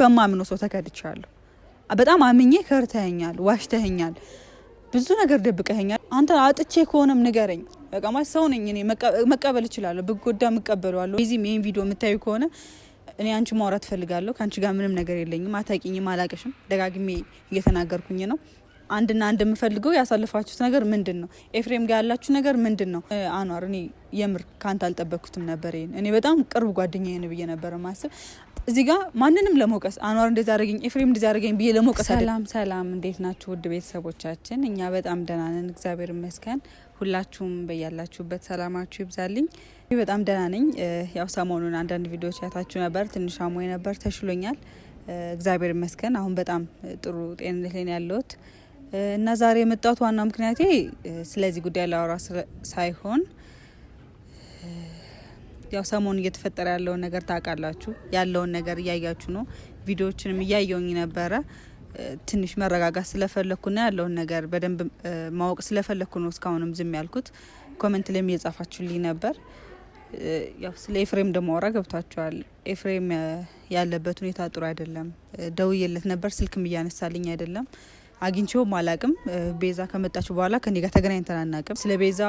በማምኖ ሰው ተከድቻለሁ። በጣም አምኜ ከርተኸኛል፣ ዋሽተኸኛል፣ ብዙ ነገር ደብቀኸኛል። አንተ አጥቼ ከሆነም ንገረኝ። በቃ ማለት ሰው ነኝ እኔ መቀበል እችላለሁ። ብጎዳ እቀበለዋለሁ። ዚህም ይህን ቪዲዮ የምታዩ ከሆነ እኔ አንቺ ማውራት ፈልጋለሁ ከአንቺ ጋር ምንም ነገር የለኝም። አታቂኝም፣ አላቅሽም። ደጋግሜ እየተናገርኩኝ ነው። አንድና አንድ የምፈልገው ያሳልፋችሁት ነገር ምንድን ነው? ኤፍሬም ጋር ያላችሁ ነገር ምንድን ነው? አኗር እኔ የምር ከአንተ አልጠበቅኩትም ነበር። ይሄን እኔ በጣም ቅርብ ጓደኛ ነው ብዬ ነበረ ማስብ እዚህ ጋር ማንንም ለመውቀስ አኗር እንደዚ አደረገኝ ኤፍሬም እንደዚ አደረገኝ ብዬ ለመውቀስ። ሰላም ሰላም፣ እንዴት ናችሁ ውድ ቤተሰቦቻችን? እኛ በጣም ደህና ነን፣ እግዚአብሔር ይመስገን። ሁላችሁም በያላችሁበት ሰላማችሁ ይብዛልኝ። በጣም ደህና ነኝ። ያው ሰሞኑን አንዳንድ ቪዲዮዎች ያታችሁ ነበር፣ ትንሽ አሞኝ ነበር፣ ተሽሎኛል፣ እግዚአብሔር ይመስገን። አሁን በጣም ጥሩ ጤንነት ላይ ያለሁት እና ዛሬ የመጣሁት ዋና ምክንያቴ ስለዚህ ጉዳይ ላወራ ሳይሆን ያው ሰሞን እየተፈጠረ ያለውን ነገር ታውቃላችሁ። ያለውን ነገር እያያችሁ ነው። ቪዲዮዎችንም እያየውኝ ነበረ። ትንሽ መረጋጋት ስለፈለግኩና ያለውን ነገር በደንብ ማወቅ ስለፈለግኩ ነው እስካሁንም ዝም ያልኩት። ኮመንት ላይም እየጻፋችሁልኝ ነበር። ያው ስለ ኤፍሬም ደሞ አውራ ገብቷቸዋል። ኤፍሬም ያለበት ሁኔታ ጥሩ አይደለም። ደውዬለት ነበር፣ ስልክም እያነሳልኝ አይደለም። አግኝቼውም አላቅም። ቤዛ ከመጣችሁ በኋላ ከኔ ጋር ተገናኝተን አናቅም። ስለ ቤዛ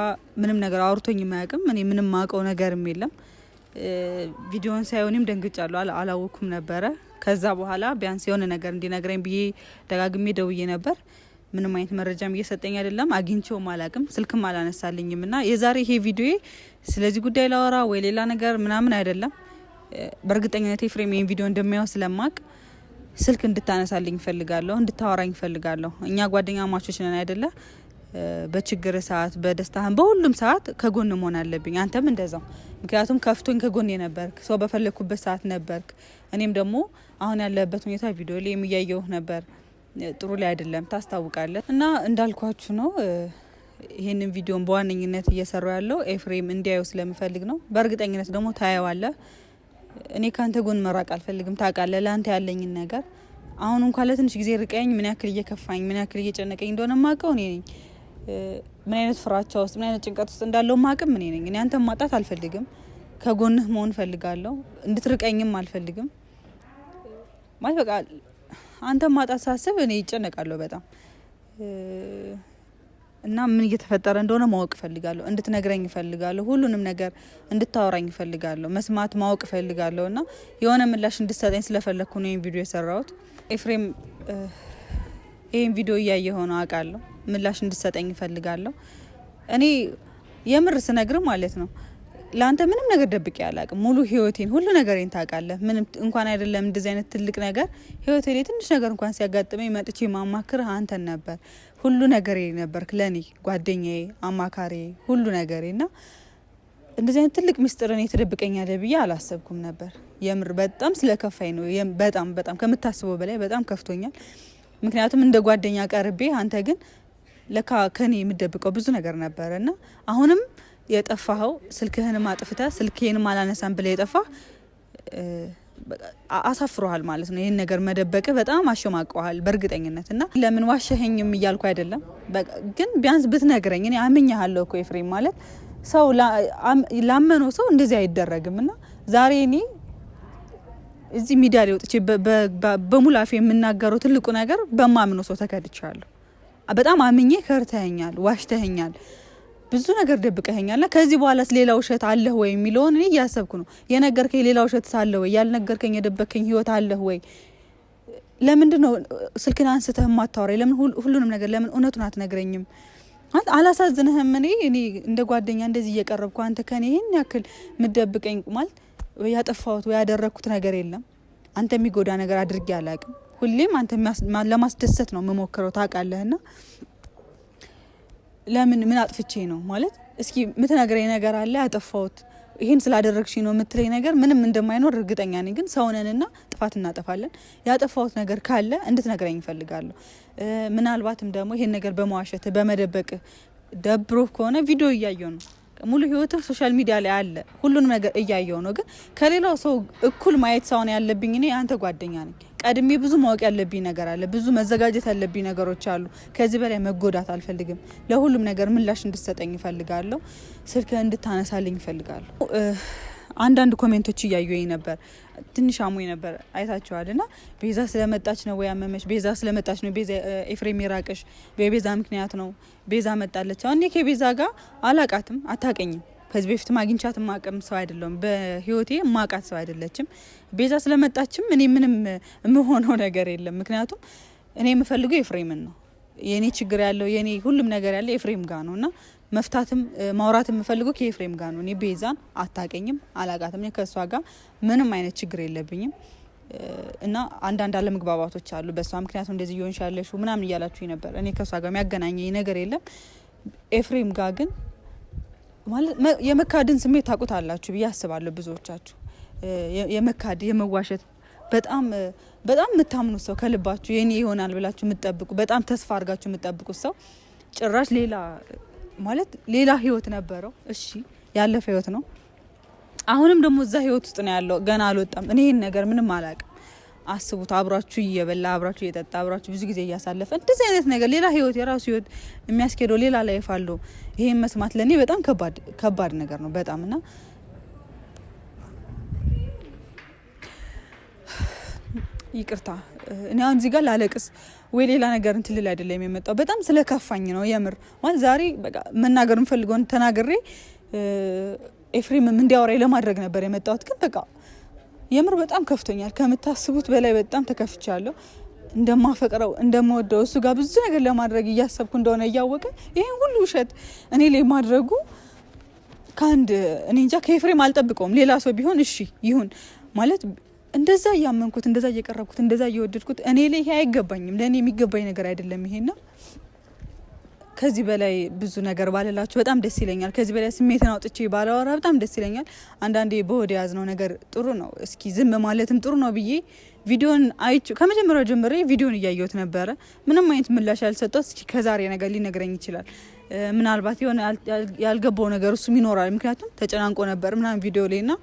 ምንም ነገር አውርቶኝ ማያቅም። እኔ ምንም ማውቀው ነገርም የለም። ቪዲዮን ሳይሆንም ደንግጫለሁ። አላወኩም ነበረ። ከዛ በኋላ ቢያንስ የሆነ ነገር እንዲነግረኝ ብዬ ደጋግሜ ደውዬ ነበር። ምንም አይነት መረጃም እየሰጠኝ አይደለም። አግኝቼውም አላቅም። ስልክም አላነሳልኝም። እና የዛሬ ይሄ ቪዲዮ ስለዚህ ጉዳይ ላወራ ወይ ሌላ ነገር ምናምን አይደለም። በእርግጠኝነት ኤፍሬም ይህን ቪዲዮ እንደሚያየው ስለማቅ ስልክ እንድታነሳልኝ ይፈልጋለሁ እንድታወራኝ ይፈልጋለሁ እኛ ጓደኛ ማቾች ነን አይደለ? በችግር ሰዓት፣ በደስታህን፣ በሁሉም ሰዓት ከጎን መሆን አለብኝ። አንተም እንደዛው። ምክንያቱም ከፍቶኝ ከጎን ነበርክ፣ ሰው በፈለግኩበት ሰዓት ነበርክ። እኔም ደግሞ አሁን ያለበት ሁኔታ ቪዲዮ ላይ የሚያየውህ ነበር፣ ጥሩ ላይ አይደለም፣ ታስታውቃለህ። እና እንዳልኳችሁ ነው ይህንን ቪዲዮን በዋነኝነት እየሰሩ ያለው ኤፍሬም እንዲያየው ስለምፈልግ ነው። በእርግጠኝነት ደግሞ ታየዋለህ። እኔ ከአንተ ጎን መራቅ አልፈልግም። ታውቃለህ ለአንተ ያለኝን ነገር አሁን እንኳን ለትንሽ ጊዜ ርቀኝ ምን ያክል እየከፋኝ ምን ያክል እየጨነቀኝ እንደሆነ ማቀው እኔ ነኝ። ምን አይነት ፍራቻ ውስጥ ምን አይነት ጭንቀት ውስጥ እንዳለው ማቅም እኔ ነኝ። እኔ አንተን ማጣት አልፈልግም። ከጎንህ መሆን ፈልጋለሁ። እንድትርቀኝም አልፈልግም። ማለት በቃ አንተን ማጣት ሳስብ እኔ ይጨነቃለሁ በጣም እና ምን እየተፈጠረ እንደሆነ ማወቅ እፈልጋለሁ። እንድትነግረኝ እፈልጋለሁ። ሁሉንም ነገር እንድታወራኝ እፈልጋለሁ። መስማት ማወቅ እፈልጋለሁ እና የሆነ ምላሽ እንድሰጠኝ ስለፈለግኩ ነው ይህን ቪዲዮ የሰራሁት። ኤፍሬም ይህን ቪዲዮ እያየ ሆነ አውቃለሁ። ምላሽ እንድሰጠኝ እፈልጋለሁ። እኔ የምር ስነግር ማለት ነው ለአንተ ምንም ነገር ደብቄ አላቅም። ሙሉ ህይወቴን ሁሉ ነገሬን ታውቃለህ። ምንም እንኳን አይደለም እንደዚህ አይነት ትልቅ ነገር ህይወቴ ላይ ትንሽ ነገር እንኳን ሲያጋጥመኝ መጥቼ ማማክርህ አንተን ነበር። ሁሉ ነገሬ ነበርክ ለእኔ ጓደኛዬ፣ አማካሪ፣ ሁሉ ነገሬ እና እንደዚህ አይነት ትልቅ ሚስጥር እኔ ትደብቀኛለህ ብዬ አላሰብኩም ነበር። የምር በጣም ስለከፋኝ ነው። በጣም በጣም ከምታስበው በላይ በጣም ከፍቶኛል። ምክንያቱም እንደ ጓደኛ ቀርቤ አንተ ግን ለካ ከኔ የምደብቀው ብዙ ነገር ነበረ እና አሁንም የጠፋኸው ስልክህንም አጥፍተ ስልክንም አላነሳም ብለ የጠፋ አሳፍሮሃል ማለት ነው። ይህን ነገር መደበቅ በጣም አሸማቀዋል በእርግጠኝነት እና ለምን ዋሸኸኝም እያልኩ አይደለም፣ ግን ቢያንስ ብትነግረኝ እኔ አምኜሃለሁ እኮ ኤፍሬም ማለት ሰው ላመነው ሰው እንደዚህ አይደረግም እና ዛሬ እኔ እዚህ ሚዲያ ላይ ወጥቼ በሙላፌ የምናገረው ትልቁ ነገር በማምኖ ሰው ተከድቻለሁ። በጣም አምኜ ከርተኸኛል፣ ዋሽተኸኛል። ብዙ ነገር ደብቀኸኛልና ከዚህ በኋላስ ሌላ ውሸት አለህ ወይ የሚለውን እኔ እያሰብኩ ነው። የነገርከኝ ሌላ ውሸት ሳለ ወይ ያልነገርከኝ የደበከኝ ህይወት አለህ ወይ? ለምንድን ነው ስልክን አንስተህ ማታወራኝ? ለምን ሁሉንም ነገር ለምን እውነቱን አትነግረኝም? አላሳዝንህም? እኔ እኔ እንደ ጓደኛ እንደዚህ እየቀረብኩ አንተ ከኔ ይህን ያክል ምደብቀኝ ማለት ያጠፋሁት ወይ ያደረግኩት ነገር የለም። አንተ የሚጎዳ ነገር አድርጌ አላቅም። ሁሌም አንተ ለማስደሰት ነው የምሞክረው ታውቃለህና ለምን ምን አጥፍቼ ነው ማለት እስኪ ምትነግረኝ ነገር አለ ያጠፋሁት ይህን ስላደረግሽ ነው የምትለኝ ነገር ምንም እንደማይኖር እርግጠኛ ነኝ። ግን ሰውነንና ጥፋት እናጠፋለን። ያጠፋሁት ነገር ካለ እንድትነግረኝ እፈልጋለሁ። ምናልባትም ደግሞ ይህን ነገር በመዋሸት በመደበቅ ደብሮ ከሆነ ቪዲዮ እያየው ነው ሙሉ ህይወትህ ሶሻል ሚዲያ ላይ አለ። ሁሉንም ነገር እያየው ነው። ግን ከሌላው ሰው እኩል ማየት ሳሆን ያለብኝ እኔ አንተ ጓደኛ ነኝ። ቀድሜ ብዙ ማወቅ ያለብኝ ነገር አለ። ብዙ መዘጋጀት ያለብኝ ነገሮች አሉ። ከዚህ በላይ መጎዳት አልፈልግም። ለሁሉም ነገር ምላሽ እንድሰጠኝ ይፈልጋለሁ። ስልክ እንድታነሳልኝ ይፈልጋለሁ። አንዳንድ ኮሜንቶች እያዩኝ ነበር። ትንሽ አሞኝ ነበር አይታችኋል። እና ቤዛ ስለመጣች ነው ወይ አመመሽ? ቤዛ ስለመጣች ነው ኤፍሬም የራቀሽ በቤዛ ምክንያት ነው። ቤዛ መጣለች። አሁን እኔ ከቤዛ ጋር አላቃትም፣ አታቀኝም ከዚህ በፊት አግኝቻት ማቀም ሰው አይደለሁም። በህይወቴ ማቃት ሰው አይደለችም። ቤዛ ስለመጣችም እኔ ምንም የምሆነው ነገር የለም። ምክንያቱም እኔ የምፈልገው ኤፍሬምን ነው። የእኔ ችግር ያለው የእኔ ሁሉም ነገር ያለው ኤፍሬም ጋር ነው እና መፍታትም ማውራት የምፈልገው ከኤፍሬም ጋር ነው። እኔ ቤዛን አታቀኝም፣ አላቃትም። ከእሷ ጋር ምንም አይነት ችግር የለብኝም። እና አንዳንድ አለመግባባቶች አሉ። በእሷ ምክንያቱ እንደዚህ እየሆንሽ ያለሽው ምናምን እያላችሁ ነበር። እኔ ከእሷ ጋር የሚያገናኘኝ ነገር የለም። ኤፍሬም ጋር ግን ማለት የመካድን ስሜት አላችሁ ብዬ አስባለሁ። ብዙዎቻችሁ የመካድ የመዋሸት በጣም በጣም የምታምኑት ሰው ከልባችሁ የኔ ይሆናል ብላችሁ የምትጠብቁ በጣም ተስፋ አድርጋችሁ የምትጠብቁት ሰው ጭራሽ ሌላ ማለት ሌላ ህይወት ነበረው። እሺ ያለፈ ህይወት ነው። አሁንም ደግሞ እዛ ህይወት ውስጥ ነው ያለው። ገና አልወጣም። እኔ ይህን ነገር ምንም አላቅም። አስቡት። አብራችሁ እየበላ አብራችሁ እየጠጣ አብራችሁ ብዙ ጊዜ እያሳለፈ እንደዚህ አይነት ነገር ሌላ ህይወት የራሱ ህይወት የሚያስኬደው ሌላ ላይፍ አለው። ይሄን መስማት ለእኔ በጣም ከባድ ነገር ነው በጣም እና ይቅርታ እኔ አሁን እዚህ ጋር ላለቅስ ወይ ሌላ ነገር እንትን ልል አይደለም የመጣው። በጣም ስለከፋኝ ነው የምር ማለት ዛሬ በቃ መናገር የምፈልገውን ተናግሬ ኤፍሬምም እንዲያወራኝ ለማድረግ ነበር የመጣሁት። ግን በቃ የምር በጣም ከፍቶኛል። ከምታስቡት በላይ በጣም ተከፍቻለሁ። እንደማፈቅረው እንደምወደው እሱ ጋር ብዙ ነገር ለማድረግ እያሰብኩ እንደሆነ እያወቀ ይህን ሁሉ ውሸት እኔ ላይ ማድረጉ ከአንድ እኔ እንጃ ከኤፍሬም አልጠብቀውም። ሌላ ሰው ቢሆን እሺ ይሁን ማለት እንደዛ እያመንኩት እንደዛ እየቀረብኩት እንደዛ እየወደድኩት እኔ ላይ ይሄ አይገባኝም፣ ለእኔ የሚገባኝ ነገር አይደለም ይሄና ከዚህ በላይ ብዙ ነገር ባልላችሁ በጣም ደስ ይለኛል። ከዚህ በላይ ስሜትን አውጥቼ ባላወራ በጣም ደስ ይለኛል። አንዳንዴ በወደ የያዝነው ነገር ጥሩ ነው። እስኪ ዝም ማለትም ጥሩ ነው ብዬ ቪዲዮን አይቼ ከመጀመሪያው ጀምሬ ቪዲዮን እያየሁት ነበረ። ምንም አይነት ምላሽ ያልሰጠሁት እስኪ ከዛሬ ነገር ሊነግረኝ ይችላል። ምናልባት የሆነ ያልገባው ነገር እሱም ይኖራል። ምክንያቱም ተጨናንቆ ነበር ምናምን ቪዲዮ ላይ ና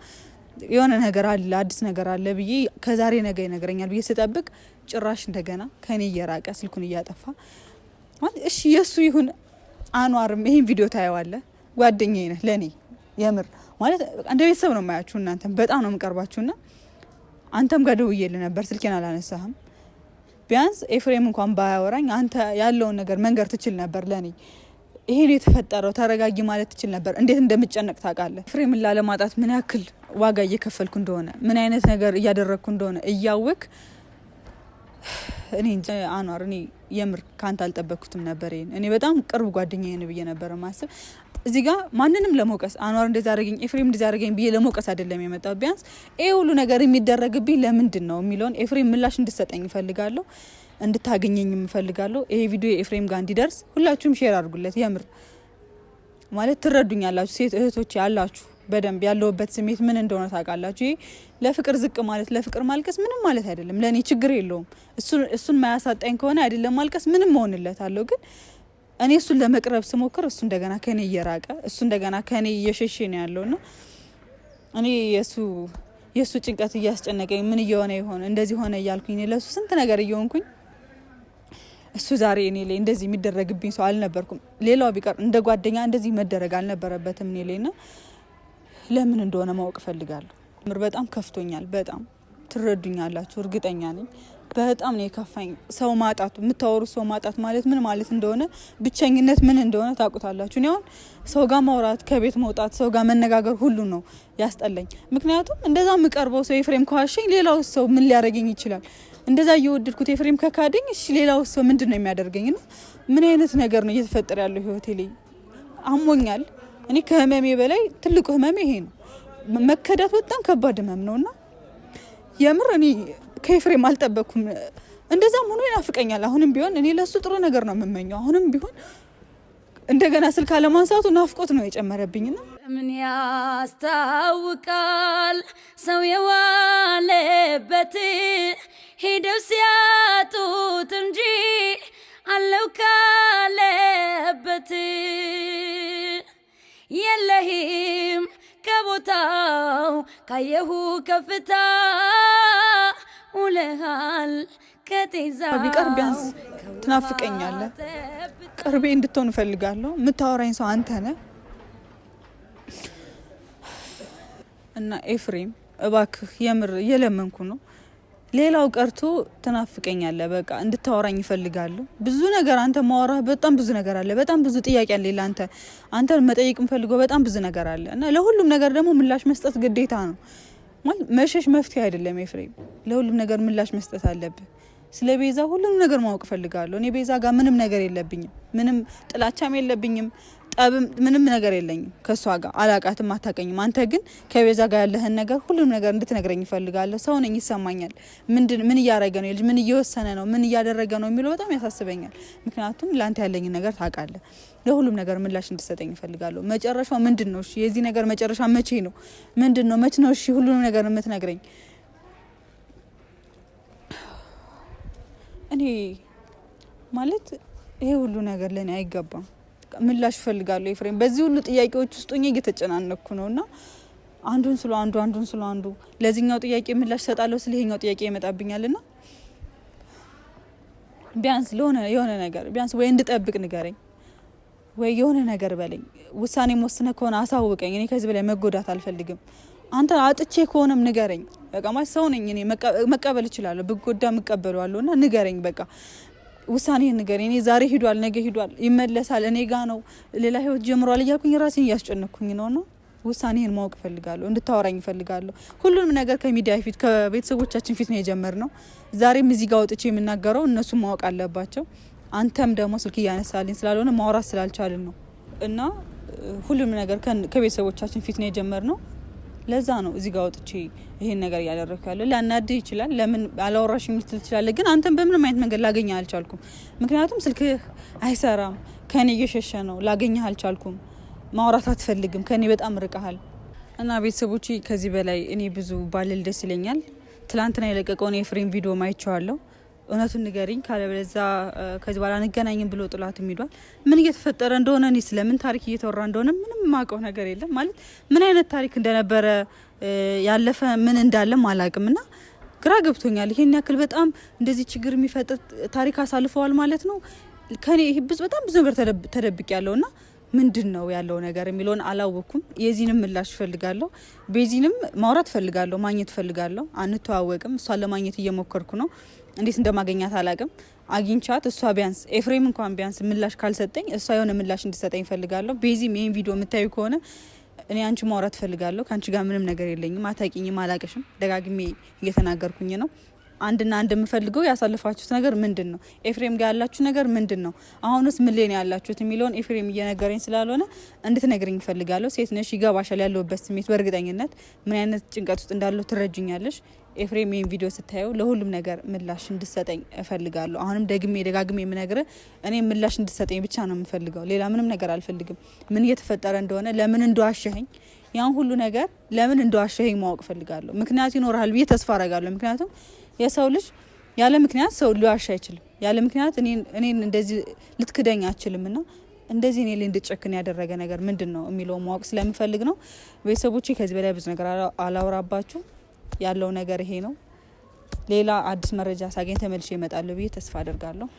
የሆነ ነገር አለ አዲስ ነገር አለ ብዬ ከዛሬ ነገ ይነግረኛል ብዬ ስጠብቅ ጭራሽ እንደገና ከኔ እየራቀ ስልኩን እያጠፋ እሺ የእሱ ይሁን። አኗርም ይህን ቪዲዮ ታየዋለ ጓደኛ ነህ ለእኔ የምር ማለት እንደ ቤተሰብ ነው የማያችሁ እናንተም በጣም ነው የምቀርባችሁና አንተም ጋር ደውዬልህ ነበር፣ ስልኬን አላነሳህም። ቢያንስ ኤፍሬም እንኳን ባያወራኝ አንተ ያለውን ነገር መንገር ትችል ነበር ለእኔ ይሄ ነው የተፈጠረው፣ ተረጋጊ ማለት ትችል ነበር። እንዴት እንደምጨነቅ ታውቃለህ? ፍሬም ላለማጣት ምን ያክል ዋጋ እየከፈልኩ እንደሆነ፣ ምን አይነት ነገር እያደረግኩ እንደሆነ እያወቅ እኔ አኗር፣ እኔ የምር ከአንተ አልጠበቅኩትም ነበር። ይሄን እኔ በጣም ቅርብ ጓደኛ ነው ብዬ ነበረ ማስብ እዚህ ጋር ማንንም ለመውቀስ አኗር እንደዚ አደረገኝ ኤፍሬም እንደዚ አደረገኝ ብዬ ለመውቀስ አይደለም የመጣው። ቢያንስ ይህ ሁሉ ነገር የሚደረግብኝ ለምንድን ነው የሚለውን ኤፍሬም ምላሽ እንድሰጠኝ ይፈልጋለሁ። እንድታገኘኝ የምፈልጋለሁ። ይሄ ቪዲዮ የኤፍሬም ጋር እንዲደርስ ሁላችሁም ሼር አድርጉለት። የምር ማለት ትረዱኛላችሁ፣ ሴት እህቶች ያላችሁ በደንብ ያለውበት ስሜት ምን እንደሆነ ታውቃላችሁ። ይሄ ለፍቅር ዝቅ ማለት ለፍቅር ማልቀስ ምንም ማለት አይደለም። ለእኔ ችግር የለውም። እሱን ማያሳጣኝ ከሆነ አይደለም ማልቀስ ምንም አለው። ግን እኔ እሱን ለመቅረብ ስሞክር እሱ እንደገና ከኔ እየራቀ እሱ እንደገና ከኔ እየሸሼ ነው ያለው ና እኔ የእሱ የእሱ ጭንቀት እያስጨነቀኝ ምን እየሆነ ይሆን እንደዚህ ሆነ እያልኩኝ ለእሱ ስንት ነገር እየሆንኩኝ እሱ ዛሬ እኔ ላይ እንደዚህ የሚደረግብኝ ሰው አልነበርኩም። ሌላው ቢቀር እንደ ጓደኛ እንደዚህ መደረግ አልነበረበትም እኔ ላይ ና ለምን እንደሆነ ማወቅ እፈልጋለሁ። ምር በጣም ከፍቶኛል። በጣም ትረዱኛላችሁ እርግጠኛ ነኝ። በጣም ነው የከፋኝ ሰው ማጣት የምታወሩት ሰው ማጣት ማለት ምን ማለት እንደሆነ ብቸኝነት ምን እንደሆነ ታውቁታላችሁ። እኔ አሁን ሰው ጋር ማውራት፣ ከቤት መውጣት፣ ሰው ጋር መነጋገር ሁሉ ነው ያስጠላኝ። ምክንያቱም እንደዛ የምቀርበው ሰው የፍሬም ከዋሸኝ ሌላው ሰው ምን ሊያደርገኝ ይችላል? እንደዛ እየወደድኩት ኤፍሬም ከካደኝ፣ እሺ ሌላው ሰው ምንድን ነው የሚያደርገኝ? ና ምን አይነት ነገር ነው እየተፈጠረ ያለው ህይወቴ ላይ? አሞኛል። እኔ ከህመሜ በላይ ትልቁ ህመሜ ይሄ ነው። መከዳት በጣም ከባድ ህመም ነው እና የምር እኔ ከኤፍሬም አልጠበቅኩም። እንደዛም ሆኖ ይናፍቀኛል። አሁንም ቢሆን እኔ ለሱ ጥሩ ነገር ነው የምመኘው። አሁንም ቢሆን እንደገና ስልክ አለማንሳቱ ናፍቆት ነው የጨመረብኝና ምን ያስታውቃል ሰው የዋለበት ሄደው ሲያጡት እንጂ አለው ካለበት የለህም ከቦታው ካየሁ ከፍታ ውለሃል ከጤዛው ቢቀር ቢያንስ ትናፍቀኛለህ። ቅርቤ እንድትሆን እፈልጋለሁ። የምታወራኝ ሰው አንተ ነህ እና ኤፍሬም እባክህ የምር እየለመንኩ ነው። ሌላው ቀርቶ ትናፍቀኛለህ። በቃ እንድታወራኝ እፈልጋለሁ። ብዙ ነገር አንተ ማወራህ በጣም ብዙ ነገር አለ። በጣም ብዙ ጥያቄ አለ ለአንተ አንተ መጠየቅ የምፈልገው በጣም ብዙ ነገር አለ እና ለሁሉም ነገር ደግሞ ምላሽ መስጠት ግዴታ ነው። ማለት መሸሽ መፍትሄ አይደለም። ኤፍሬም ለሁሉም ነገር ምላሽ መስጠት አለብህ። ስለ ቤዛ ሁሉም ነገር ማወቅ እፈልጋለሁ። እኔ ቤዛ ጋር ምንም ነገር የለብኝም፣ ምንም ጥላቻም የለብኝም፣ ጠብም ምንም ነገር የለኝም ከእሷ ጋር አላቃትም፣ አታቀኝም። አንተ ግን ከቤዛ ጋር ያለህን ነገር ሁሉም ነገር እንድትነግረኝ ይፈልጋለሁ። ሰው ነኝ ይሰማኛል። ምንድን ምን እያደረገ ነው ልጅ ምን እየወሰነ ነው ምን እያደረገ ነው የሚለው በጣም ያሳስበኛል። ምክንያቱም ለአንተ ያለኝን ነገር ታውቃለህ። ለሁሉም ነገር ምላሽ እንድሰጠኝ ይፈልጋለሁ። መጨረሻው ምንድን ነው? የዚህ ነገር መጨረሻ መቼ ነው? ምንድን ነው? መቼ ነው? እሺ ሁሉንም ነገር የምትነግረኝ እኔ ማለት ይሄ ሁሉ ነገር ለእኔ አይገባም። ምላሽ እፈልጋለሁ ኤፍሬም። በዚህ ሁሉ ጥያቄዎች ውስጥ ሆኜ እየተጨናነኩ ነው እና አንዱን ስለ አንዱ አንዱን ስለ አንዱ ለዚህኛው ጥያቄ ምላሽ ሰጣለሁ፣ ስለ ይሄኛው ጥያቄ ይመጣብኛል እና ቢያንስ ለሆነ የሆነ ነገር ቢያንስ ወይ እንድጠብቅ ንገረኝ ወይ የሆነ ነገር በለኝ። ውሳኔ ወስነ ከሆነ አሳውቀኝ። እኔ ከዚህ በላይ መጎዳት አልፈልግም። አንተ አጥቼ ከሆነም ንገረኝ። በቃ ማለት ሰው ነኝ እኔ መቀበል እችላለሁ። ብጎዳ እቀበለዋለሁ እና ንገረኝ በቃ ውሳኔህን ነገር እኔ ዛሬ ሂዷል፣ ነገ ሂዷል፣ ይመለሳል፣ እኔ ጋ ነው፣ ሌላ ህይወት ጀምሯል እያልኩኝ ራሴን እያስጨነኩኝ ነው ነው ውሳኔህን ማወቅ እፈልጋለሁ፣ እንድታወራኝ እፈልጋለሁ። ሁሉንም ነገር ከሚዲያ ፊት ከቤተሰቦቻችን ፊት ነው የጀመርነው። ዛሬም እዚህ ጋር ወጥቼ የምናገረው እነሱ ማወቅ አለባቸው። አንተም ደግሞ ስልክ እያነሳልኝ ስላልሆነ ማውራት ስላልቻልን ነው እና ሁሉንም ነገር ከቤተሰቦቻችን ፊት ነው የጀመርነው። ለዛ ነው እዚህ ጋር ወጥቼ ይሄን ነገር እያደረግኩ ያለው። ሊያናድህ ይችላል። ለምን አላወራሽም ልትል ትችላለህ። ግን አንተን በምንም አይነት መንገድ ላገኘህ አልቻልኩም። ምክንያቱም ስልክህ አይሰራም፣ ከኔ እየሸሸ ነው። ላገኘህ አልቻልኩም። ማውራት አትፈልግም፣ ከኔ በጣም ርቀሃል። እና ቤተሰቦች ከዚህ በላይ እኔ ብዙ ባልል ደስ ይለኛል። ትላንትና የለቀቀውን የፍሬም ቪዲዮ ማይቸዋለሁ። እውነቱን ንገሪኝ ካለበለዚያ ከዚህ በኋላ አንገናኝም ብሎ ጥላት የሚሏል። ምን እየተፈጠረ እንደሆነ እኔ ስለምን ታሪክ እየተወራ እንደሆነ ምንም የማውቀው ነገር የለም። ማለት ምን አይነት ታሪክ እንደነበረ ያለፈ ምን እንዳለም አላውቅም እና ግራ ገብቶኛል። ይሄን ያክል በጣም እንደዚህ ችግር የሚፈጥር ታሪክ አሳልፈዋል ማለት ነው። ከኔ በጣም ብዙ ነገር ተደብቅ ያለው እና ምንድን ነው ያለው ነገር የሚለውን አላወቅኩም። የዚህንም ምላሽ ፈልጋለሁ ቤዚንም ማውራት ፈልጋለሁ ማግኘት ፈልጋለሁ አንተዋወቅም። እሷን ለማግኘት እየሞከርኩ ነው። እንዴት እንደማገኛት አላቅም። አግኝቻት እሷ ቢያንስ ኤፍሬም እንኳን ቢያንስ ምላሽ ካልሰጠኝ እሷ የሆነ ምላሽ እንድሰጠኝ ይፈልጋለሁ። ቤዚም ይህን ቪዲዮ የምታዩ ከሆነ እኔ አንቺ ማውራት ፈልጋለሁ ከአንቺ ጋር ምንም ነገር የለኝም፣ አታቂኝም፣ አላቅሽም። ደጋግሜ እየተናገርኩኝ ነው። አንድና አንድ የምፈልገው ያሳልፋችሁት ነገር ምንድን ነው? ኤፍሬም ጋር ያላችሁ ነገር ምንድን ነው? አሁንስ ምን ላይ ነው ያላችሁት የሚለውን ኤፍሬም እየነገረኝ ስላልሆነ እንድትነግረኝ እፈልጋለሁ። ሴት ነሽ፣ ይገባሻል ያለሁበት ስሜት በእርግጠኝነት ምን አይነት ጭንቀት ውስጥ እንዳለው ትረጅኛለሽ። ኤፍሬም ይህን ቪዲዮ ስታየው ለሁሉም ነገር ምላሽ እንድሰጠኝ እፈልጋለሁ። አሁንም ደግሜ ደጋግሜ የምነግር እኔ ምላሽ እንድሰጠኝ ብቻ ነው የምፈልገው። ሌላ ምንም ነገር አልፈልግም። ምን እየተፈጠረ እንደሆነ ለምን እንደዋሸኸኝ ያን ሁሉ ነገር ለምን እንደዋሸኸኝ ማወቅ እፈልጋለሁ። ምክንያቱ ይኖርሃል ብዬ ተስፋ አረጋለሁ። ምክንያቱም የሰው ልጅ ያለ ምክንያት ሰው ሊዋሽ አይችልም። ያለ ምክንያት እኔን እንደዚህ ልትክደኝ አችልም ና እንደዚህ እኔ ላይ እንድጨክን ያደረገ ነገር ምንድን ነው የሚለው ማወቅ ስለምፈልግ ነው። ቤተሰቦቼ ከዚህ በላይ ብዙ ነገር አላውራባችሁ። ያለው ነገር ይሄ ነው። ሌላ አዲስ መረጃ ሳገኝ ተመልሼ እመጣለሁ ብዬ ተስፋ አደርጋለሁ።